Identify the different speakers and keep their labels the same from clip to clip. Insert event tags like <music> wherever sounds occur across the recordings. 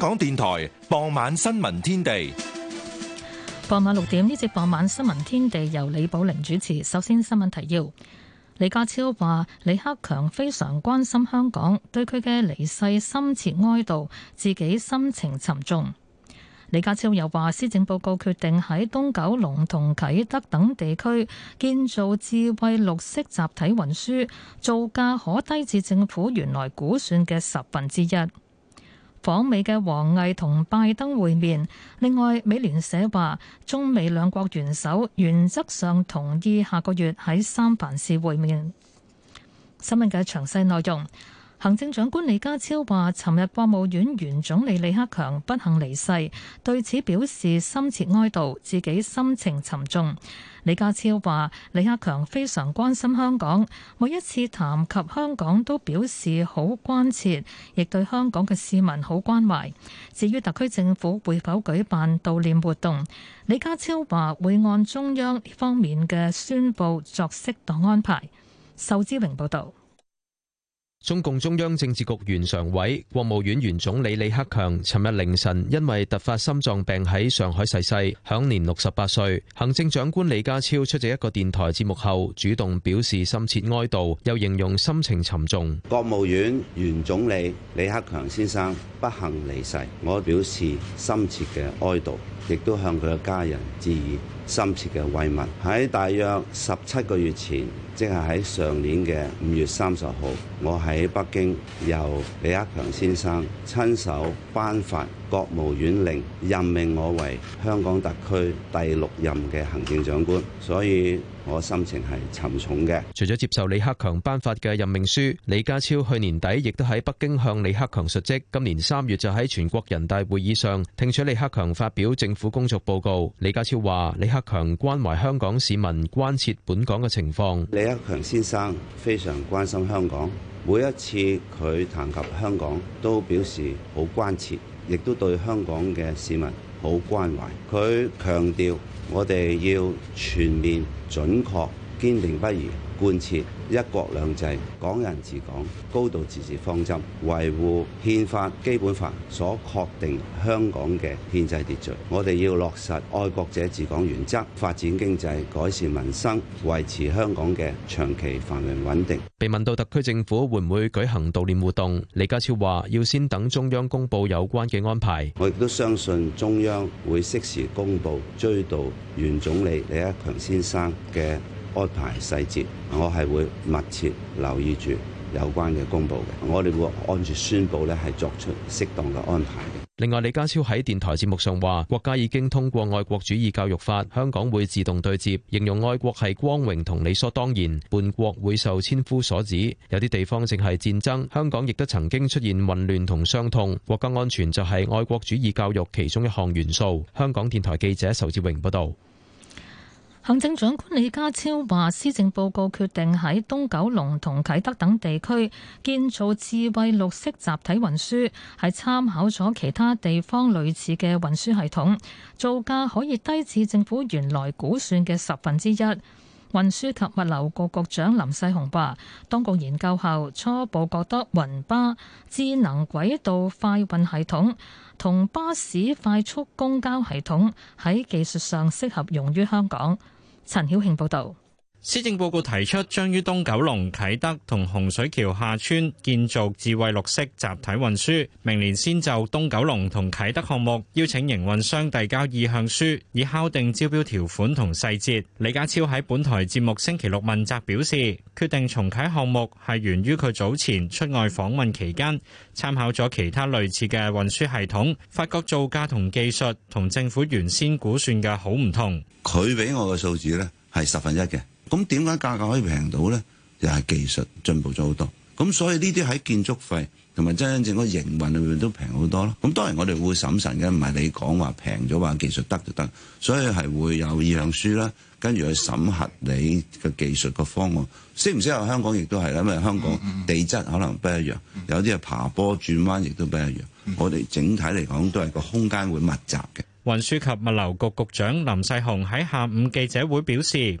Speaker 1: 香港電台傍晚新聞天地，
Speaker 2: 傍晚六點呢節傍晚新聞天地由李寶玲主持。首先，新聞提要：李家超話李克強非常關心香港，對佢嘅離世深切哀悼，自己心情沉重。李家超又話，施政報告決定喺東九龍同啟德等地區建造智慧綠色集體運輸，造價可低至政府原來估算嘅十分之一。訪美嘅王毅同拜登會面。另外，美聯社話中美兩國元首原則上同意下個月喺三藩市會面。新聞嘅詳細內容。行政長官李家超話，尋日國務院原總理李克強不幸離世，對此表示深切哀悼，自己心情沉重。李家超話，李克強非常關心香港，每一次談及香港都表示好關切，亦對香港嘅市民好關懷。至於特區政府會否舉辦悼念活動，李家超話會按中央方面嘅宣布作適當安排。仇志榮報導。
Speaker 3: 中共中央政治局原常委、國務院原總理李克強，尋日凌晨因為突發心臟病喺上海逝世，享年六十八歲。行政長官李家超出席一個電台節目後，主動表示深切哀悼，又形容心情沉重。
Speaker 4: 國務院原總理李克強先生不幸離世，我表示深切嘅哀悼，亦都向佢嘅家人致意，深切嘅慰問，在大約十七個月前，即係喺上年嘅五月三十號，我喺北京由李克強先生親手頒發。國務院令任命我為香港特區第六任嘅行政長官，所以我
Speaker 3: 心情係沉重嘅。除咗接受李克強頒發嘅任命書，李家超去年底亦都喺北京向李克強述職。今年三月就喺全國人大會議上聽取李克強發表政府工作報告。李家超話：李克強關懷香港市民，關切本港嘅情況。
Speaker 4: 李克強先生非常關心香港，每一次佢談及香港都表示好關切。亦都對香港嘅市民好關懷，佢強調，我哋要全面、準確、堅定不移，貫徹一國兩制、港人治港、高度自治方針，維護憲法、基本法所確定香港嘅憲制秩序。我哋要落實愛國者治港原則，發展經濟，改善民生，維持香港嘅長期繁榮穩定。
Speaker 3: 被問到特區政府會唔會舉行悼念活動，李家超話：要先等中央公佈有關嘅安排。我亦都相信中
Speaker 4: 央會適時公佈追悼原總理李克強先生嘅。安排細節，我係會密切留意住有關嘅公布嘅。我哋會按住宣布咧，係作出適當嘅安排
Speaker 3: 嘅。另外，李家超喺電台節目上話：國家已經通過《愛國主義教育法》，香港會自動對接，形容愛國係光榮同理所當然，叛國會受千夫所指。有啲地方正係戰爭，香港亦都曾經出現混亂同傷痛。國家安全就係愛國主義教育其中一項元素。香港電台記者仇志榮報道。
Speaker 2: 行政長官李家超話，施政報告決定喺東九龍同啟德等地區建造智慧綠色集體運輸，係參考咗其他地方類似嘅運輸系統，造價可以低至政府原來估算嘅十分之一。運輸及物流局局長林世雄話，當局研究後初步覺得，雲巴智能軌道快運系統同巴士快速公交系統喺技術上適合用於香港。陳曉慶報道。
Speaker 5: 施政報告提出，將於東九龍、啟德同洪水橋下村建造智慧綠色集體運輸。明年先就東九龍同啟德項目邀請營運商遞交意向書，以敲定招標條款同細節。李家超喺本台節目星期六問責表示，決定重啟項目係源於佢早前出外訪問期間參考咗其他類似嘅運輸系統，發覺造價同技術同政府原先估算嘅好唔同。
Speaker 4: 佢俾我嘅數字呢係十分一嘅。咁點解價格可以平到呢？又係技術進步咗好多，咁所以呢啲喺建築費同埋真真正正個營運裏面都平好多咯。咁當然我哋會審慎嘅，唔係你講話平咗話技術得就得，所以係會有意向書啦，跟住去審核你嘅技術嘅方案適唔適合香港，亦都係因為香港地質可能不一樣，有啲係爬坡轉彎，亦都不一樣。我哋整體嚟講都係個空間會密集嘅。
Speaker 5: 運輸及物流局局長林世雄喺下午記者會表示。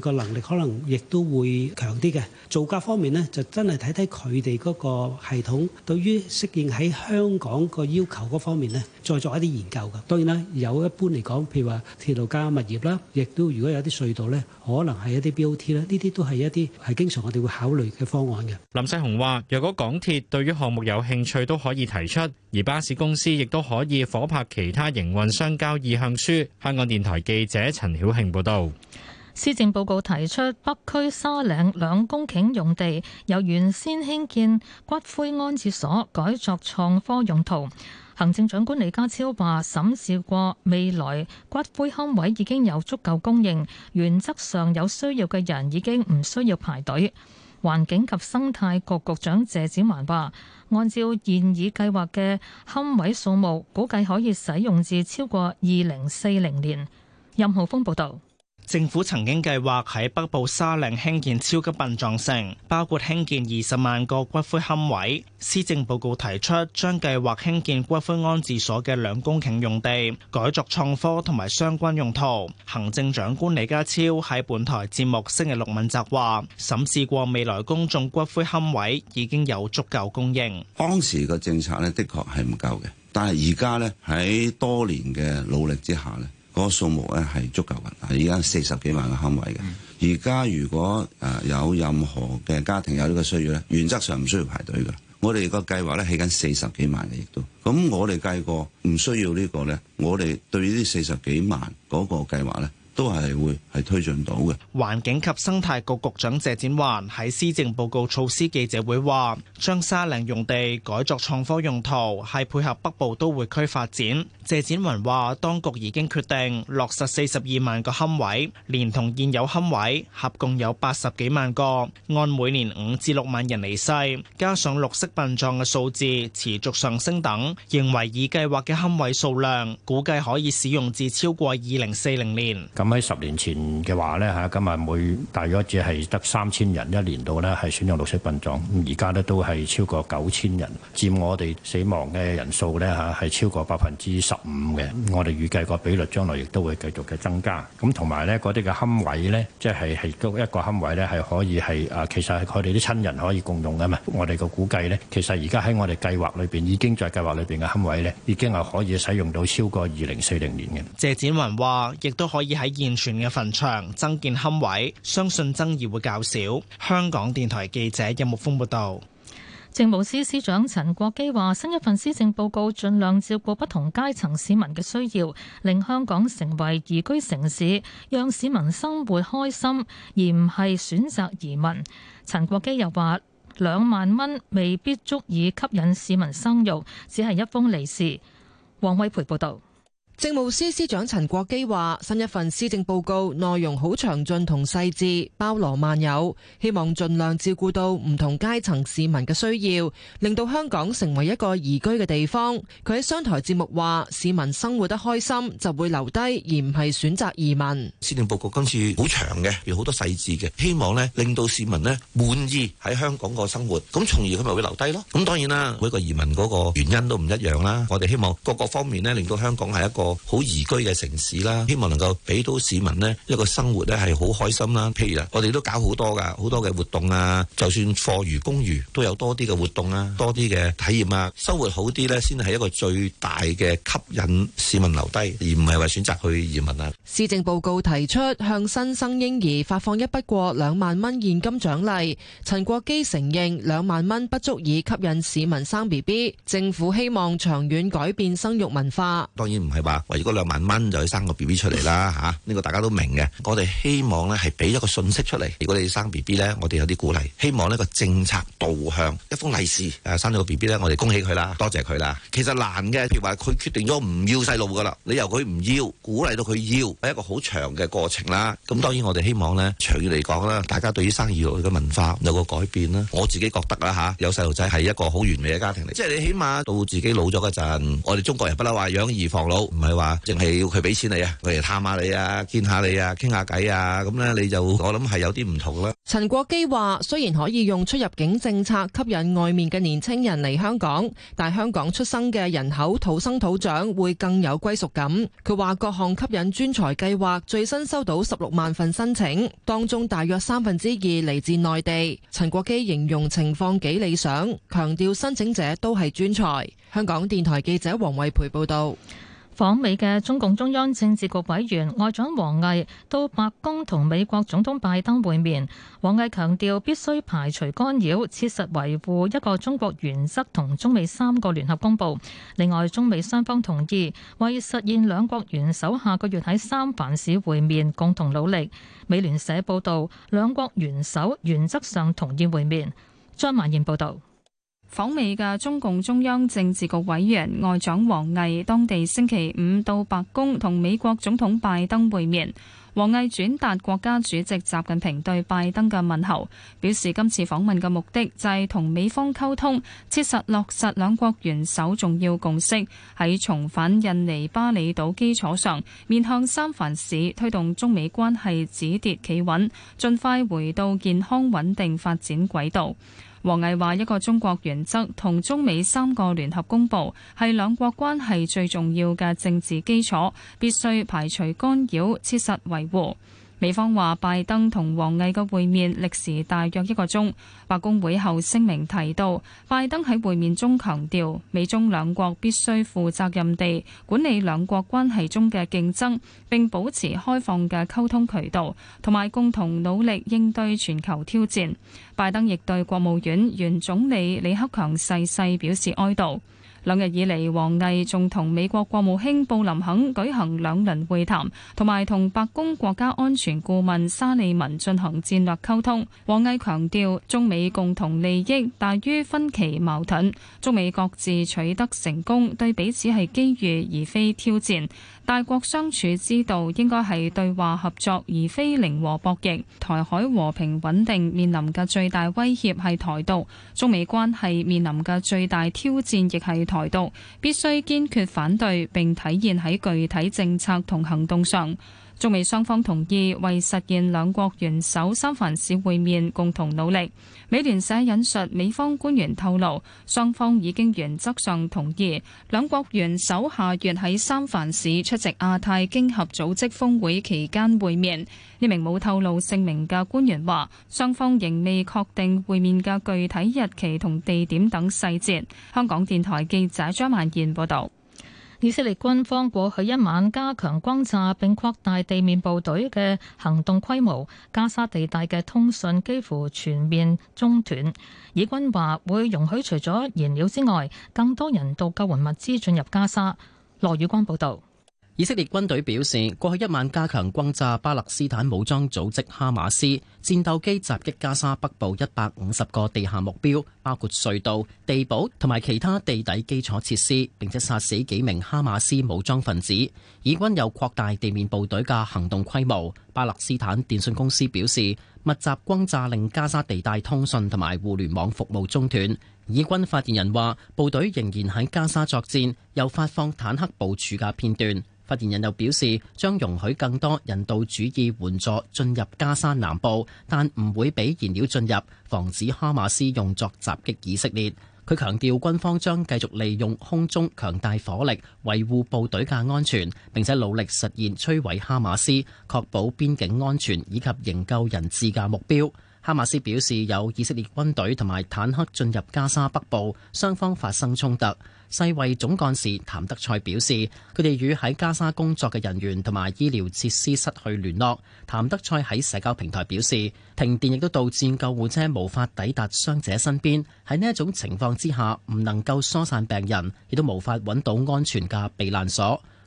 Speaker 6: 個能力可能亦都會強啲嘅，造價方面呢就真係睇睇佢哋嗰個系統對於適應喺香港個要求嗰方面呢，再作一啲研究嘅。當然啦，有一般嚟講，譬如話鐵路加物業啦，亦都如果有啲隧道呢，可能係一啲 BOT 啦，呢啲都係一啲係經常我哋會考慮嘅方案嘅。
Speaker 5: 林世雄話，若果港鐵對於項目有興趣，都可以提出；而巴士公司亦都可以夥拍其他營運商交意向書。香港電台記者陳曉慶報道。
Speaker 2: 施政報告提出北區沙嶺兩公頃用地由原先興建骨灰安置所改作創科用途。行政長官李家超話審視過未來骨灰龕位已經有足夠供應，原則上有需要嘅人已經唔需要排隊。環境及生態局局長謝展寰話：按照現已計劃嘅龕位數目，估計可以使用至超過二零四零年。任浩峰報導。
Speaker 6: 政府曾經計劃喺北部沙嶺興建超級殯葬城，包括興建二十萬個骨灰龕位。施政報告提出，將計劃興建骨灰安置所嘅兩公頃用地改作創科同埋相關用途。行政長官李家超喺本台節目星期六問責話：審視過未來公眾骨灰龕位已經有足夠供應。
Speaker 4: 當時嘅政策呢，的確係唔夠嘅，但係而家呢，喺多年嘅努力之下咧。個數目咧係足夠嘅，而家四十幾萬嘅龕位嘅。而家如果誒有任何嘅家庭有呢個需要咧，原則上唔需要排隊嘅。我哋、這個、個計劃咧起緊四十幾萬嘅，亦都。咁我哋計過唔需要呢個咧，我哋對呢四十幾萬嗰個計劃咧。都係會係推進到嘅。環境及生
Speaker 6: 態局局長謝展環喺施政報告措施記者會話：將沙嶺用地改作創科用途係配合北部都會區發展。謝展環話：當局已經決定落實四十二萬個龕位，連同現有龕位合共有八十幾萬個。按每年五至六萬人離世，加上綠色殯葬嘅數字持續上升等，認為已計劃嘅龕位數量估計可以使用至超過二零四零年。
Speaker 5: 喺十年前嘅話咧嚇，今日每大約只係得三千人一年度咧係選用綠色殯葬。咁而家咧都係超過九千人，佔我哋死亡嘅人數咧嚇係超過百分之十五嘅。我哋預計個比率將來亦都會繼續嘅增加。咁同埋咧嗰啲嘅龕位咧，即係係嗰一個龕位咧係可以係啊，其實係佢哋啲親人可以共用嘅嘛。我哋個估計咧，其實而家喺我哋計劃裏邊已經在計劃裏邊嘅龕位咧，已經係可以使用到超過二零四零
Speaker 6: 年嘅。謝展雲話，亦都可以喺。現存嘅墳場增建龕位，相信爭議會較少。香港電台記者任木峰報道。
Speaker 2: 政務司司長陳國基話，新一份施政報告盡量照顧不同階層市民嘅需要，令香港成為宜居城市，讓市民生活開心，而唔係選擇移民。陳國基又話，兩萬蚊未必足以吸引市民生育，只係一封利是。黃偉培報道。政務
Speaker 7: 司司長陳國基話：新一份施政報告內容好詳盡同細緻，包羅萬有，希望盡量照顧到唔同階層市民嘅需要，令到香港成為一個宜居嘅地方。佢喺商台節目話：市民生活得開心，就會留低，而唔係選擇移民。
Speaker 1: 施政報告今次好長嘅，有好多細緻嘅，希望呢令到市民咧滿意喺香港個生活，咁從而佢咪會留低咯。咁當然啦，每個移民嗰個原因都唔一樣啦。我哋希望各個方面呢令到香港係一個。好宜居嘅城市啦，希望能夠俾到市民呢一個生活呢係好開心啦。譬如啊，我哋都搞好多噶，好多嘅活動啊，就算課餘公寓都有多啲嘅活動啊，多啲嘅體驗啊，生活好啲呢先係一個最大嘅吸引市民留低，而唔係話選擇去移民啦。
Speaker 7: 施政報告提出向新生嬰兒發放一筆過兩萬蚊現金獎勵，陳國基承認兩萬蚊不足以吸引市民生 B B，政府希望長遠改變生育文化。當
Speaker 1: 然唔係話。為咗嗰兩萬蚊就去生個 B B 出嚟啦吓，呢、 <laughs> 啊這個大家都明嘅。我哋希望咧係俾一個信息出嚟，如果你生 B B 咧，我哋有啲鼓勵，希望呢、這個政策導向，一封利是，誒、啊，生咗個 B B 咧，我哋恭喜佢啦，多謝佢啦。其實難嘅，譬如話佢決定咗唔要細路噶啦，你由佢唔要，鼓勵到佢要，係一個好長嘅過程啦。咁當然我哋希望咧長遠嚟講啦，大家對於生兒育女嘅文化有個改變啦。我自己覺得啊吓，有細路仔係一個好完美嘅家庭嚟，即、就、係、是、你起碼到自己老咗嗰陣，我哋中國人不嬲話養兒防老。佢話淨係要佢俾錢你啊，嚟探下你啊，見下你啊，傾下偈啊，咁咧你就我諗係有啲唔同啦。
Speaker 7: 陳國基話：雖然可以用出入境政策吸引外面嘅年青人嚟香港，但香港出生嘅人口土生土長會更有歸屬感。佢話各項吸引專才計劃最新收到十六萬份申請，當中大約三分之二嚟自內地。陳國基形容情況幾理想，強調申請
Speaker 2: 者都係專才。香港電台記者黃慧培報道。訪美嘅中共中央政治局委員外長王毅到白宮同美國總統拜登會面。王毅強調必須排除干擾，切實維護一個中國原則同中美三個聯合公報。另外，中美雙方同意為實現兩國元首下個月喺三藩市會面，共同努力。美聯社報道，兩國元首原則上同意會面。張曼燕報道。訪美嘅
Speaker 8: 中共中央政治局委員外長王毅，當地星期五到白宮同美國總統拜登會面。王毅轉達國家主席習近平對拜登嘅問候，表示今次訪問嘅目的就係同美方溝通，切實落實兩國元首重要共識，喺重返印尼巴厘島基礎上，面向三藩市推動中美關係止跌企穩，盡快回到健康穩定發展軌道。王毅話：一個中國原則同中美三個聯合公佈係兩國關係最重要嘅政治基礎，必須排除干擾，切實維護。美方話，拜登同王毅嘅會面歷時大約一個鐘。白宮會後聲明提到，拜登喺會面中強調，美中兩國必須負責任地管理兩國關係中嘅競爭，並保持開放嘅溝通渠道，同埋共同努力應對全球挑戰。拜登亦對國務院原總理李克強逝世表示哀悼。兩日以嚟，王毅仲同美國國務卿布林肯舉行兩輪會談，同埋同白宮國家安全顧問沙利文進行戰略溝通。王毅強調，中美共同利益大於分歧矛盾，中美各自取得成功對彼此係機遇而非挑戰。大國相處之道應該係對話合作，而非零和博弈。台海和平穩定面臨嘅最大威脅係台獨，中美關係面臨嘅最大挑戰亦係台獨，必須堅決反對並體現喺具體政策同行動上。中美雙方同意為實現兩國元首三藩市會面共同努力。美聯社引述美方官員透露，雙方已經原則上同意兩國元首下月喺三藩市出席亞太經合組織峰會期間會面。呢名冇透露姓名嘅官員話，雙方仍未確定會面嘅具體日期同地點等細節。
Speaker 2: 香港電台記者張曼燕報道。以色列軍方過去一晚加強轟炸並擴大地面部隊嘅行動規模，加沙地帶嘅通訊幾乎全面中斷。以軍話會容許除咗燃料之外，更多人道救援物資進入加沙。羅宇光報道。以色列
Speaker 9: 軍隊表示，過去一晚加強轟炸巴勒斯坦武裝組織哈馬斯，戰鬥機襲擊加沙北部一百五十個地下目標，包括隧道、地堡同埋其他地底基礎設施，並且殺死幾名哈馬斯武裝分子。以軍有擴大地面部隊嘅行動規模。巴勒斯坦電信公司表示，密集轟炸令加沙地帶通訊同埋互聯網服務中斷。以軍發言人話：部隊仍然喺加沙作戰，又發放坦克部署嘅片段。發言人又表示，將容許更多人道主義援助進入加沙南部，但唔會畀燃料進入，防止哈馬斯用作襲擊以色列。佢強調，軍方將繼續利用空中強大火力維護部隊嘅安全，並且努力實現摧毀哈馬斯、確保邊境安全以及營救人質嘅目標。哈馬斯表示，有以色列軍隊同埋坦克進入加沙北部，雙方發生衝突。世衛總幹事譚德賽表示，佢哋與喺加沙工作嘅人員同埋醫療設施失去聯絡。譚德賽喺社交平台表示，停電亦都導致救護車無法抵達傷者身邊。喺呢一種情況之下，唔能夠疏散病人，亦都無法揾到安全嘅避難所。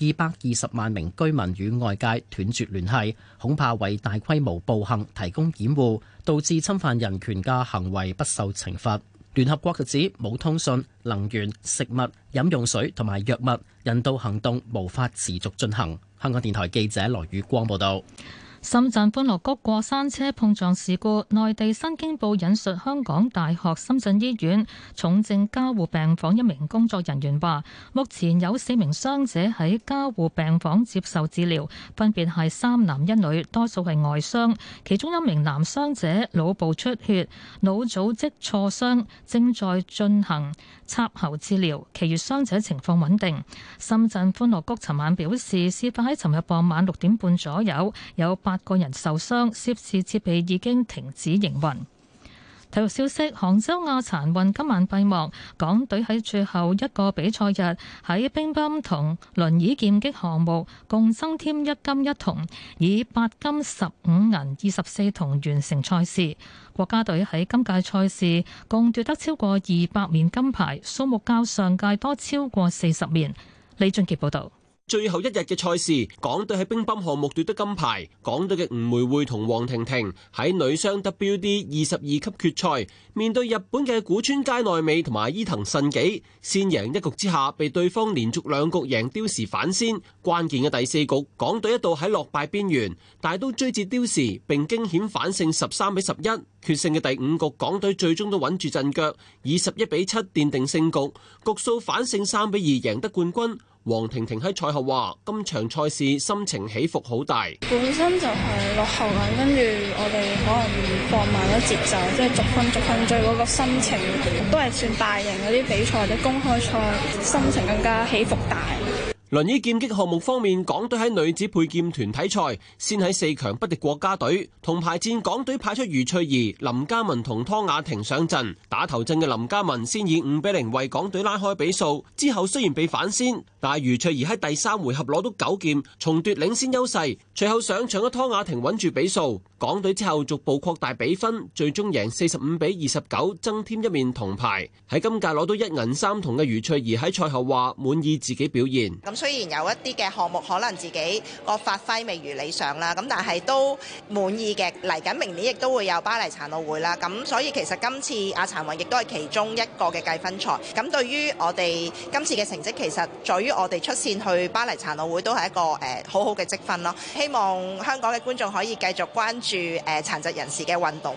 Speaker 9: 二百二十萬名居民與外界斷絕聯繫，恐怕為大規模暴行提供掩護，導致侵犯人權嘅行為不受懲罰。聯合國就指，冇通訊、能源、食物、飲用水同埋藥物，人道行動無法持續進行。香港電台記者羅宇光報道。
Speaker 2: 深圳歡樂谷過山車碰撞事故，內地新京報引述香港大學深圳醫院重症加護病房一名工作人員話，目前有四名傷者喺加護病房接受治療，分別係三男一女，多數係外傷，其中一名男傷者腦部出血、腦組織挫傷，正在進行插喉治療，其餘傷者情況穩定。深圳歡樂谷尋晚表示，事發喺尋日傍晚六點半左右有八。個人受傷，涉事設備已經停止營運。體育消息：杭州亞殘運今晚閉幕，港隊喺最後一個比賽日喺乒乓同輪椅劍擊項目共增添一金一銅，以八金十五銀二十四銅完成賽事。國家隊喺今屆賽事共奪得超過二百面金牌，數目較上屆多超過四十面。李俊傑報道。
Speaker 10: 最後一日嘅賽事，港隊喺乒乓項目奪得金牌。港隊嘅吳梅會同黃婷婷喺女雙 W.D 二十二級決賽，面對日本嘅古川佳奈美同埋伊藤信紀，先贏一局之下，被對方連續兩局贏刁時反先。關鍵嘅第四局，港隊一度喺落敗邊緣，但都追至刁時，並驚險反勝十三比十一。決勝嘅第五局，港隊最終都穩住陣腳，以十一比七奠定勝局，局數反勝三比二贏得冠軍。王婷婷喺賽後話：今場賽事心情起伏好大，
Speaker 8: 本身就係落後緊，跟住我哋可能放慢咗節奏，即係逐分逐分追嗰個心情，都係算大型嗰啲比賽或者公開賽，心情更加起伏大。
Speaker 10: 輪椅劍擊項目方面，港隊喺女子配劍團體賽先喺四強不敵國家隊。銅牌戰，港隊派出余翠怡、林嘉文同湯雅婷上陣。打頭陣嘅林嘉文先以五比零為港隊拉開比數，之後雖然被反先，但係余翠怡喺第三回合攞到九劍，重奪領先優勢。隨後上場嘅湯雅婷穩住比數。港隊之後逐步擴大比分，最終贏四十五比二十九，增添一面銅牌。喺今屆攞到一銀三銅嘅余翠怡喺賽後話滿意自己表現。
Speaker 7: 咁雖然有一啲嘅項目可能自己個發揮未如理想啦，咁但係都滿意嘅。嚟緊明年亦都會有巴黎殘奧會啦，咁所以其實今次阿殘運亦都係其中一個嘅計分賽。咁對於我哋今次嘅成績，其實在於我哋出線去巴黎殘奧會都係一個誒好好嘅積分咯。希望香港嘅觀眾可以繼續關注住誒，殘疾人士嘅運動。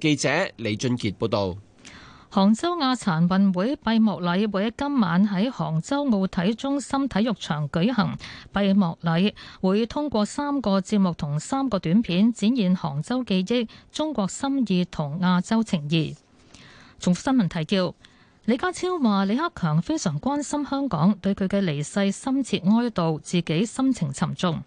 Speaker 10: 記者李俊杰報道，
Speaker 2: 杭州亞殘運會閉幕禮會今晚喺杭州奧體中心體育場舉行，閉幕禮會通過三個節目同三個短片，展現杭州記憶、中國心意同亞洲情誼。重複新聞提要。李家超話：李克強非常關心香港，對佢嘅離世深切哀悼，自己心情沉重。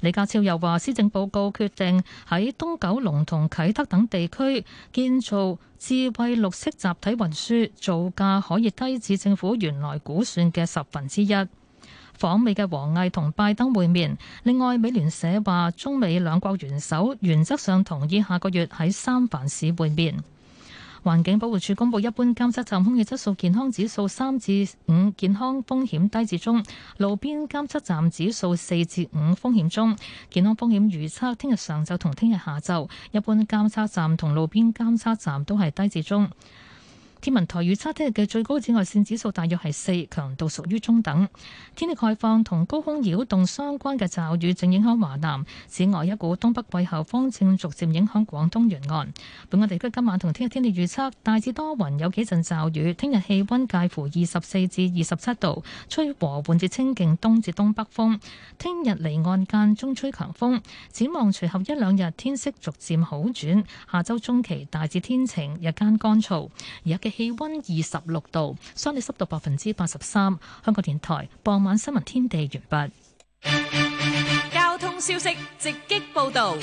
Speaker 2: 李家超又話：施政報告決定喺東九龍同啟德等地區建造智慧綠色集體運輸，造價可以低至政府原來估算嘅十分之一。訪美嘅王毅同拜登會面。另外，美聯社話中美兩國元首原則上同意下個月喺三藩市會面。環境保護署公布一般監測站空氣質素健康指數三至五，健康風險低至中；路邊監測站指數四至五，風險中。健康風險預測：聽日上晝同聽日下晝，一般監測站同路邊監測站都係低至中。天文台預測聽日嘅最高紫外線指數大約係四，強度屬於中等。天氣概況，同高空擾動相關嘅驟雨正影響華南，此外一股東北季候風正逐漸影響廣東沿岸。本港地區今晚同聽日天氣預測大致多雲，有幾陣驟雨。聽日氣溫介乎二十四至二十七度，吹和緩至清勁東至東北風。聽日離岸間中吹強風。展望隨後一兩日天色逐漸好轉，下周中期大致天晴，日間乾燥。而一氣溫二十六度，相對濕度百分之八十三。香港電台傍晚新聞天地完畢。交通消息直擊
Speaker 7: 報道。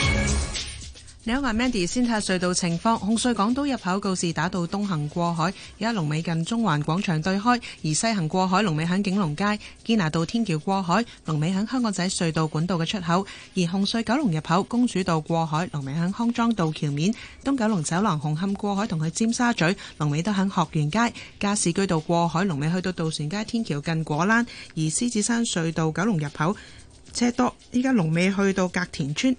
Speaker 11: 你好，阿 Mandy，先睇隧道情況。紅隧港島入口告示打到東行過海，而家龍尾近中環廣場對開；而西行過海，龍尾響景隆街堅拿道天橋過海，龍尾響香港仔隧道管道嘅出口。而紅隧九龍入口公主道過海，龍尾響康莊道橋面東九龍走廊紅磡過海同去尖沙咀，龍尾都響學園街加士居道過海，龍尾去到渡船街天橋近果欄。而獅子山隧道九龍入口車多，而家龍尾去到隔田村。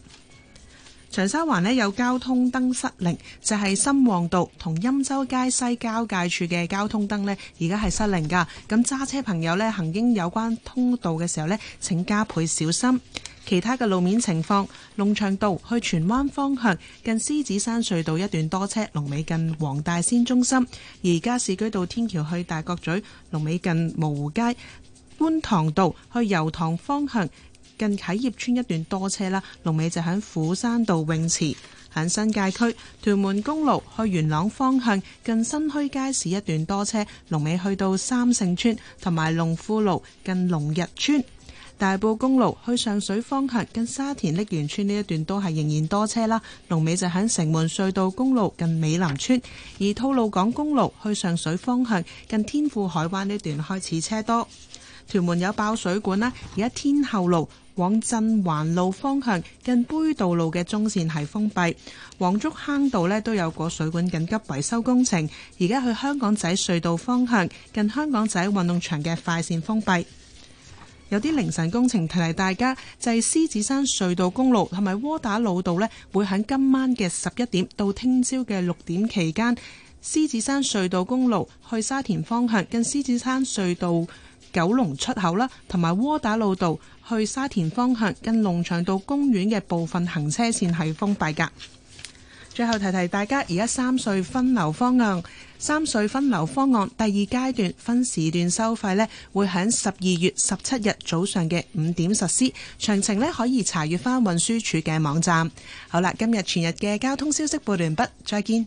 Speaker 11: 長沙環有交通燈失靈，就係、是、深旺道同欽州街西交界處嘅交通燈咧，而家係失靈㗎。咁揸車朋友咧行經有關通道嘅時候咧，請加倍小心。其他嘅路面情況，龍翔道去荃灣方向近獅子山隧道一段多車，龍尾近黃大仙中心；而家士居道天橋去大角咀，龍尾近蕪湖街、觀塘道去油塘方向。近啟業村一段多車啦，龍尾就喺虎山道泳池，喺新界區屯門公路去元朗方向近新墟街市一段多車，龍尾去到三聖村同埋龍富路近龍日村，大埔公路去上水方向近沙田瀝源村呢一段都係仍然多車啦，龍尾就喺城門隧道公路近美林村，而吐露港公路去上水方向近天富海灣呢段開始車多。屯門有爆水管啦，而家天后路往震寰路方向近杯道路嘅中線係封閉。黃竹坑道呢都有個水管緊急維修工程。而家去香港仔隧道方向近香港仔運動場嘅快線封閉。有啲凌晨工程提提大家，就係獅子山隧道公路同埋窩打老道呢會喺今晚嘅十一點到聽朝嘅六點期間，獅子山隧道公路去沙田方向近獅子山隧道。九龍出口啦，同埋窩打路道去沙田方向，跟龍翔道公園嘅部分行車線係封閉㗎。最後提提大家，而家三隧分流方案，三隧分流方案第二階段分時段收費呢，會喺十二月十七日早上嘅五點實施，詳情呢可以查閱翻運輸署嘅網站。好啦，今日全日嘅交通消息報導完畢，再見。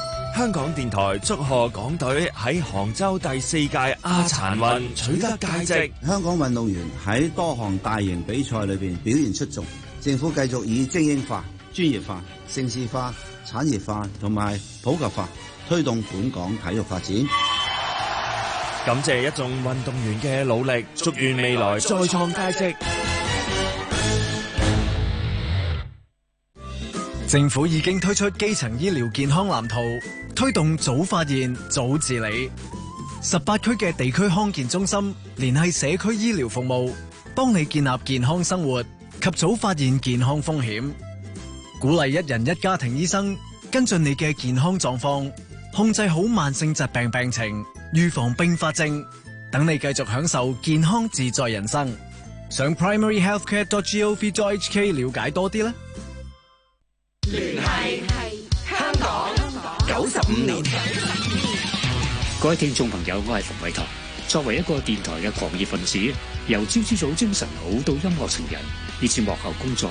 Speaker 5: 香港電台祝賀港隊喺杭州第四屆亞殘運取得佳績。
Speaker 4: 香港運動員喺多項大型比賽裏邊表現出眾。政府繼續以精英化、專業化、城市化、產業化同埋普及化推動本港體育發展。感謝一眾運動員嘅
Speaker 3: 努力，祝願未來再
Speaker 10: 創佳績。
Speaker 3: 政府已經推出基層醫療健康藍圖，推動早發現、早治理。十八區嘅地區康健中心聯繫社區醫療服務，幫你建立健康生活及早發現健康風險。鼓勵一人一家庭醫生跟進你嘅健康狀況，控制好慢性疾病病情，預防併發症，等你繼續享受健康自在人生。上 primaryhealthcare.gov.hk 了解多啲啦。
Speaker 7: 聯繫係香港
Speaker 3: 九十
Speaker 5: 五年，各位聽眾朋友，我係馮偉棠。作為一個電台嘅狂熱分子，由朝朝早精神好到音樂情人，以至幕後工作，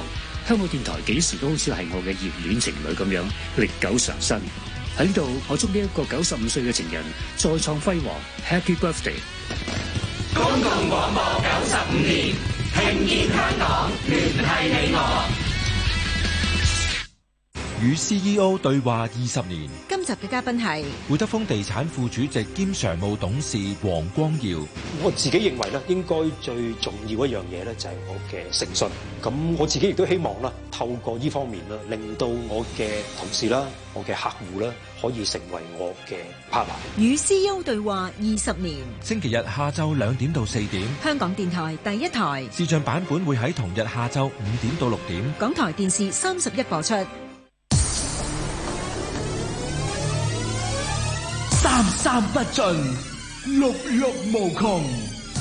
Speaker 5: 香港電台幾時都好似係我嘅熱戀情侶咁樣歷久常新。喺呢度，
Speaker 6: 我祝呢一個九十五歲嘅情人再創輝煌，Happy Birthday！公共廣播九十
Speaker 10: 五年，聽見香港，聯繫你我。
Speaker 1: 與 CEO 對話二十年，
Speaker 7: 今集嘅嘉賓係
Speaker 1: 會德豐地產副主席兼常務董事黃光耀。
Speaker 3: 我自己認為咧，應該最重要一樣嘢咧就係我嘅誠信。咁我自己亦都希望
Speaker 5: 啦，透過呢方面啦，令到我嘅同事啦、我嘅客戶啦，可以成為我嘅 partner。
Speaker 7: 與 CEO 對話二十年，星期日下晝兩點到四點，香港電台第一台
Speaker 1: 視像版本會喺同日下晝五點到六點，
Speaker 7: 港台電視三十一播出。
Speaker 8: 三三不盡，六六無窮。